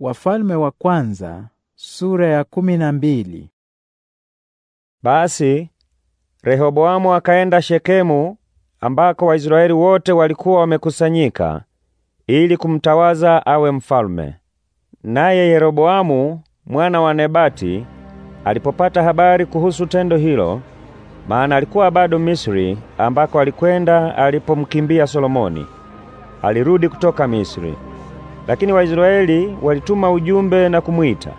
Wafalme wa kwanza sura ya kumi na mbili. Basi Rehoboamu akaenda Shekemu ambako Waisraeli wote walikuwa wamekusanyika ili kumtawaza awe mfalme. Naye Yeroboamu mwana wa Nebati alipopata habari kuhusu tendo hilo, maana alikuwa bado Misri ambako alikwenda alipomkimbia Solomoni, alirudi kutoka Misri. Lakini Waisraeli walituma ujumbe na kumwita.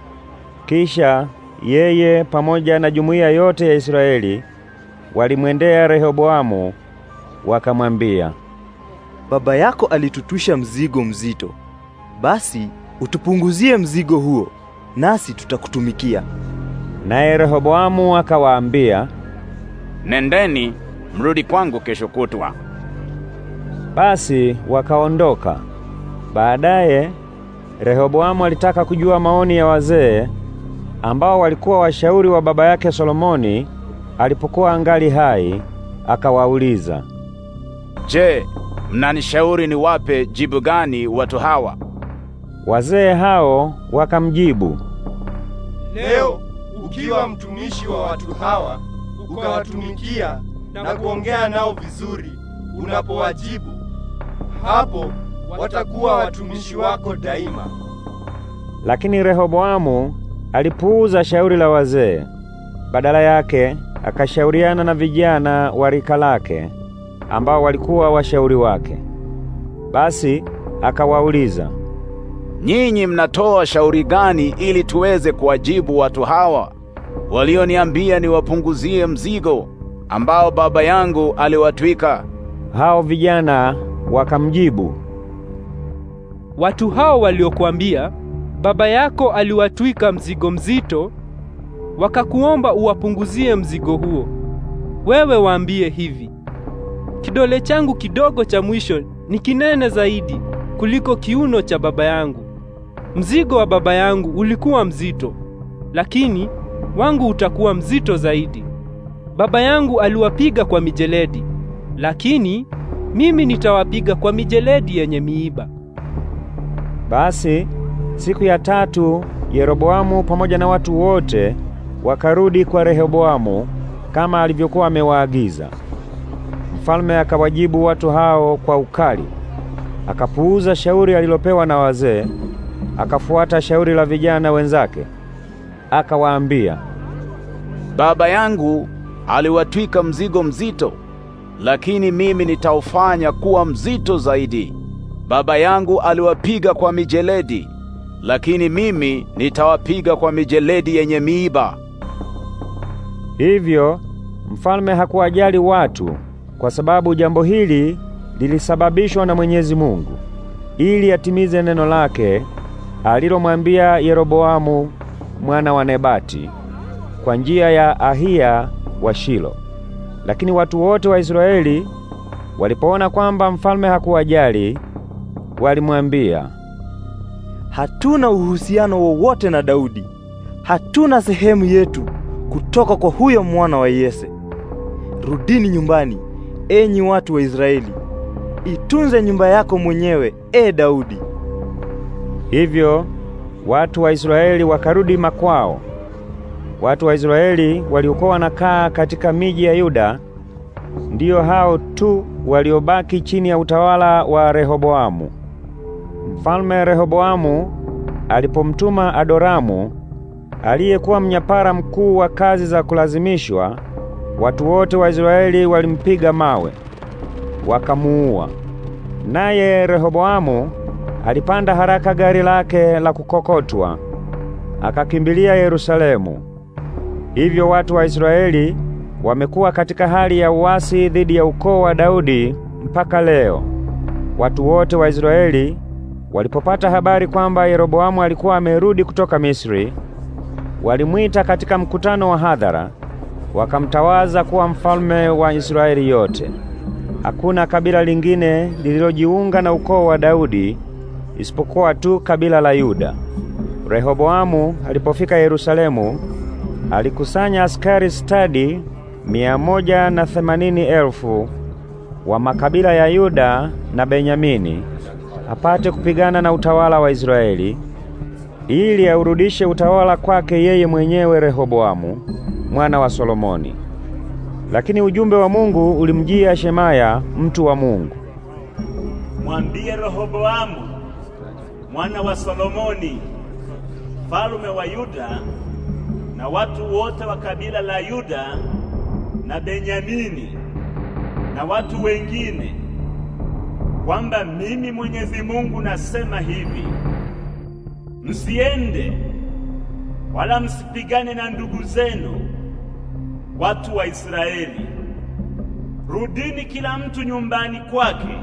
Kisha yeye pamoja na jumuiya yote ya Israeli walimwendea Rehoboamu wakamwambia, baba yako alitutusha mzigo mzito, basi utupunguzie mzigo huo, nasi tutakutumikia. Naye Rehoboamu akawaambia, nendeni mrudi kwangu kesho kutwa. Basi wakaondoka Baadaye Rehoboamu alitaka kujua maoni ya wazee ambao walikuwa washauri wa baba yake Solomoni alipokuwa angali hai, akawauliza, "Je, mnanishauri niwape jibu gani watu hawa?" Wazee hao wakamjibu, "Leo ukiwa mtumishi wa watu hawa, ukawatumikia na kuongea nao vizuri, unapowajibu hapo watakuwa watumishi wako daima. Lakini Rehoboamu alipuuza shauri la wazee, badala yake akashauriana na vijana wa rika lake ambao walikuwa washauri wake. Basi akawauliza, nyinyi mnatoa shauri gani ili tuweze kuwajibu watu hawa walioniambia niwapunguzie mzigo ambao baba yangu aliwatwika? Hao vijana wakamjibu watu hao waliokuambia baba yako aliwatwika mzigo mzito, wakakuomba uwapunguzie mzigo huo, wewe waambie hivi, kidole changu kidogo cha mwisho ni kinene zaidi kuliko kiuno cha baba yangu. Mzigo wa baba yangu ulikuwa mzito, lakini wangu utakuwa mzito zaidi. Baba yangu aliwapiga kwa mijeledi, lakini mimi nitawapiga kwa mijeledi yenye miiba. Basi siku ya tatu Yeroboamu pamoja na watu wote wakarudi kwa Rehoboamu kama alivyokuwa amewaagiza. Mfalme akawajibu watu hao kwa ukali, akapuuza shauri alilopewa na wazee, akafuata shauri la vijana wenzake. Akawaambia, baba yangu aliwatwika mzigo mzito, lakini mimi nitaufanya kuwa mzito zaidi. Baba yangu aliwapiga kwa mijeledi, lakini mimi nitawapiga kwa mijeledi yenye miiba. Hivyo mfalme hakuwajali watu, kwa sababu jambo hili lilisababishwa na Mwenyezi Mungu ili atimize neno lake alilomwambia Yeroboamu mwana wa Nebati kwa njia ya Ahia wa Shilo. Lakini watu wote wa Israeli walipoona kwamba mfalme hakuwajali, walimwambia, hatuna uhusiano wowote na Daudi, hatuna sehemu yetu kutoka kwa huyo mwana wa Yese. Rudini nyumbani, enyi watu wa Israeli, itunze nyumba yako mwenyewe, e Daudi. Hivyo watu wa Israeli wakarudi makwao. Watu wa Israeli waliokuwa wanakaa katika miji ya Yuda ndiyo hao tu waliobaki chini ya utawala wa Rehoboamu. Mfalme Rehoboamu alipomtuma Adoramu aliyekuwa mnyapara mkuu wa kazi za kulazimishwa, watu wote wa Israeli walimpiga mawe wakamuua. Naye Rehoboamu alipanda haraka gari lake la kukokotwa akakimbilia Yerusalemu. Hivyo watu wa Israeli wamekuwa katika hali ya uasi dhidi ya ukoo wa Daudi mpaka leo. Watu wote wa Israeli Walipopata habari kwamba Yeroboamu alikuwa amerudi kutoka Misri, walimwita katika mkutano wa hadhara, wakamtawaza kuwa mfalme wa Israeli yote. Hakuna kabila lingine lililojiunga na ukoo wa Daudi isipokuwa tu kabila la Yuda. Rehoboamu alipofika Yerusalemu, alikusanya askari stadi mia moja na themanini elfu wa makabila ya Yuda na Benyamini apate kupigana na utawala wa Israeli ili aurudishe utawala kwake yeye mwenyewe Rehoboamu mwana wa Solomoni. Lakini ujumbe wa Mungu ulimjia Shemaya mtu wa Mungu, mwambie Rehoboamu mwana wa Solomoni falume wa Yuda na watu wote wa kabila la Yuda na Benyamini na watu wengine kwamba mimi Mwenyezi Mungu nasema hivi, msiende wala msipigane na ndugu zenu watu wa Israeli. Rudini kila mtu nyumbani kwake,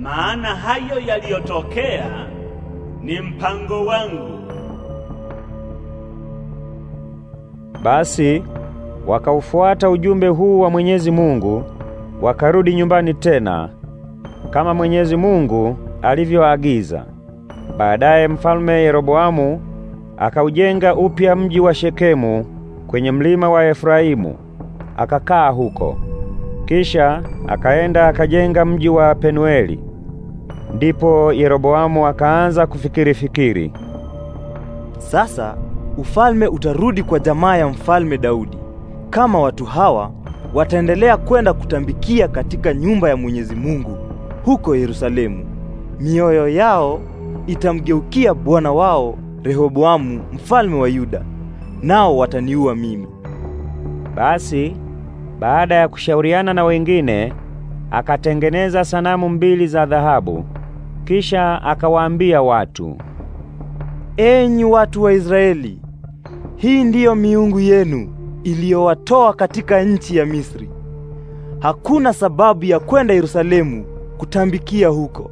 maana hayo yaliyotokea ni mpango wangu. Basi wakaufuata ujumbe huu wa Mwenyezi Mungu, wakarudi nyumbani tena kama Mwenyezi Mungu alivyoagiza. Baadaye Mfalme Yeroboamu akaujenga upya mji wa Shekemu kwenye mlima wa Efraimu, akakaa huko. Kisha akaenda akajenga mji wa Penueli. Ndipo Yeroboamu akaanza kufikiri fikiri, sasa ufalme utarudi kwa jamaa ya mfalme Daudi kama watu hawa wataendelea kwenda kutambikia katika nyumba ya Mwenyezi Mungu huko Yerusalemu. Mioyo yao itamgeukia bwana wao Rehoboamu mfalme wa Yuda, nao wataniua mimi. Basi baada ya kushauriana na wengine, akatengeneza sanamu mbili za dhahabu, kisha akawaambia watu, enyi watu wa Israeli, hii ndiyo miungu yenu iliyowatoa katika nchi ya Misri. Hakuna sababu ya kwenda Yerusalemu kutambikia huko.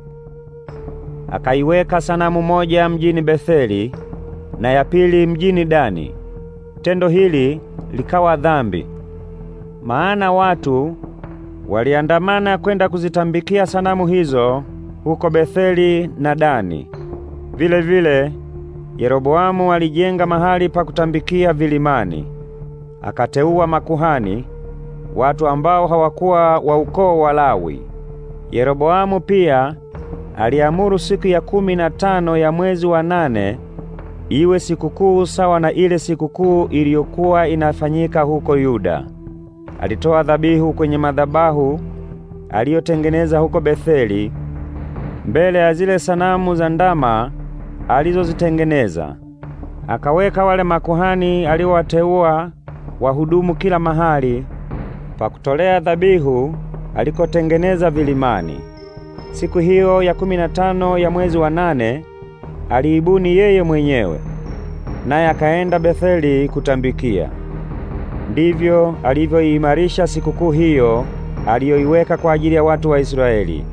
Akaiweka sanamu moja mjini Betheli na ya pili mjini Dani. Tendo hili likawa dhambi, maana watu waliandamana kwenda kuzitambikia sanamu hizo huko Betheli na Dani. Vile vile Yeroboamu alijenga mahali pa kutambikia vilimani, akateua makuhani, watu ambao hawakuwa wa ukoo wa Lawi. Yeroboamu pia aliamuru siku ya kumi na tano ya mwezi wa nane iwe sikukuu sawa na ile sikukuu iliyokuwa inafanyika huko Yuda. Alitoa dhabihu kwenye madhabahu aliyotengeneza huko Betheli mbele ya zile sanamu za ndama alizozitengeneza. Akaweka wale makuhani aliowateua wahudumu kila mahali pa kutolea dhabihu alikotengeneza vilimani. Siku hiyo ya kumi na tano ya mwezi wa nane aliibuni yeye mwenyewe, naye akaenda Betheli kutambikia. Ndivyo alivyoiimarisha sikukuu hiyo aliyoiweka kwa ajili ya watu wa Israeli.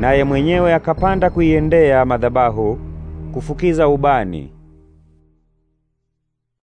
Naye mwenyewe akapanda kuiendea madhabahu kufukiza ubani